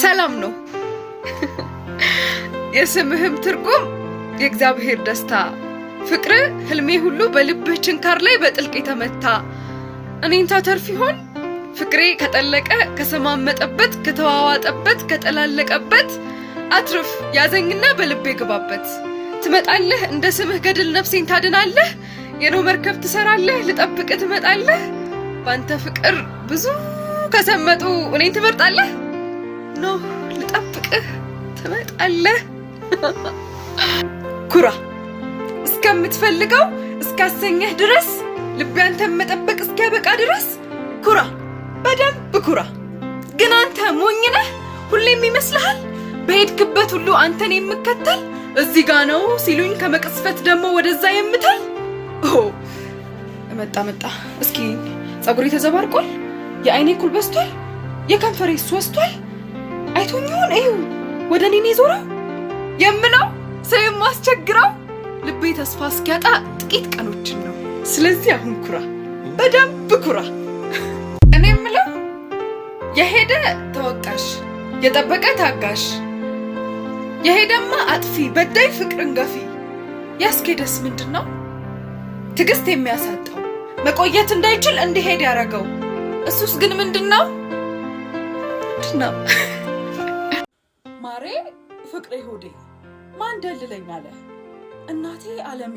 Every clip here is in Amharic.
ሰላም ነው። የስምህም ትርጉም የእግዚአብሔር ደስታ ፍቅር፣ ህልሜ ሁሉ በልብህ ችንካር ላይ በጥልቅ የተመታ እኔን ታተርፍ ይሆን ፍቅሬ ከጠለቀ ከሰማመጠበት ከተዋዋጠበት ከጠላለቀበት አትርፍ ያዘኝና በልቤ ግባበት። ትመጣለህ እንደ ስምህ ገድል ነፍሴን ታድናለህ። የነው መርከብ ትሰራለህ ልጠብቅ ትመጣለህ። በአንተ ፍቅር ብዙ ከሰመጡ እኔን ትመርጣለህ። ኖ ልጠብቅህ ትመጣለህ። ኩራ እስከምትፈልገው እስካሰኘህ ድረስ ልቤ አንተን መጠበቅ እስኪያበቃ ድረስ ኩራ፣ በደንብ ኩራ። ግን አንተ ሞኝ ነህ፣ ሁሌም ይመስልሃል በሄድክበት ሁሉ አንተን የምከተል እዚህ ጋ ነው ሲሉኝ ከመቅስፈት ደግሞ ወደዛ የምትል መጣ መጣ። እስኪ ፀጉሬ ተዘባርቋል፣ የአይኔ ኩል በስቷል፣ የከንፈሬ ሶስቷል አይቶኝ ይሆን? ይኸው ወደ እኔ ነው የዞረው። የምለው ሰው የማስቸግረው ልቤ ተስፋ እስኪያጣ ጥቂት ቀኖችን ነው። ስለዚህ አሁን ኩራ፣ በደንብ ኩራ። እኔ የምለው የሄደ ተወቃሽ፣ የጠበቀ ታጋሽ፣ የሄደማ አጥፊ፣ በዳይ ፍቅርን ገፊ። ያስኬደስ ምንድን ነው ትዕግስት የሚያሳጣው መቆየት እንዳይችል እንዲሄድ ያደረገው እሱስ ግን ምንድን ነው ምንድን ነው? ፍቅሬ ሆዴ ማን ደልለኝ አለ እናቴ አለሜ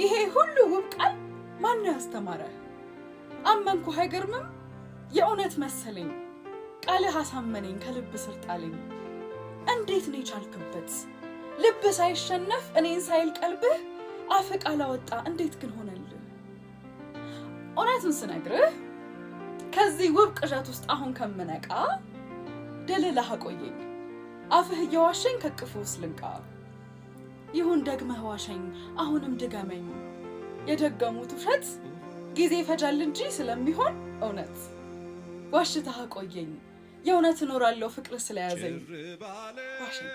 ይሄ ሁሉ ውብ ቃል ማን ያስተማረ አመንኩ አይገርምም የእውነት መሰለኝ ቃልህ አሳመነኝ ከልብ ስር ጣለኝ እንዴት ነው የቻልክበት ልብ ሳይሸነፍ እኔን ሳይል ቀልብህ አፍ ቃል አወጣ እንዴት ግን ሆነልህ እውነትን ስነግርህ ከዚህ ውብ ቅዠት ውስጥ አሁን ከምነቃ ደልላህ አቆየኝ አፍህ እየዋሸኝ ከቅፍ ውስጥ ልንቃ ይሁን ደግመህ ዋሸኝ፣ አሁንም ድገመኝ። የደገሙት ውሸት ጊዜ ይፈጃል እንጂ ስለሚሆን እውነት ዋሽታህ ቆየኝ፣ የእውነት እኖራለሁ ፍቅር ስለያዘኝ ዋሸኝ።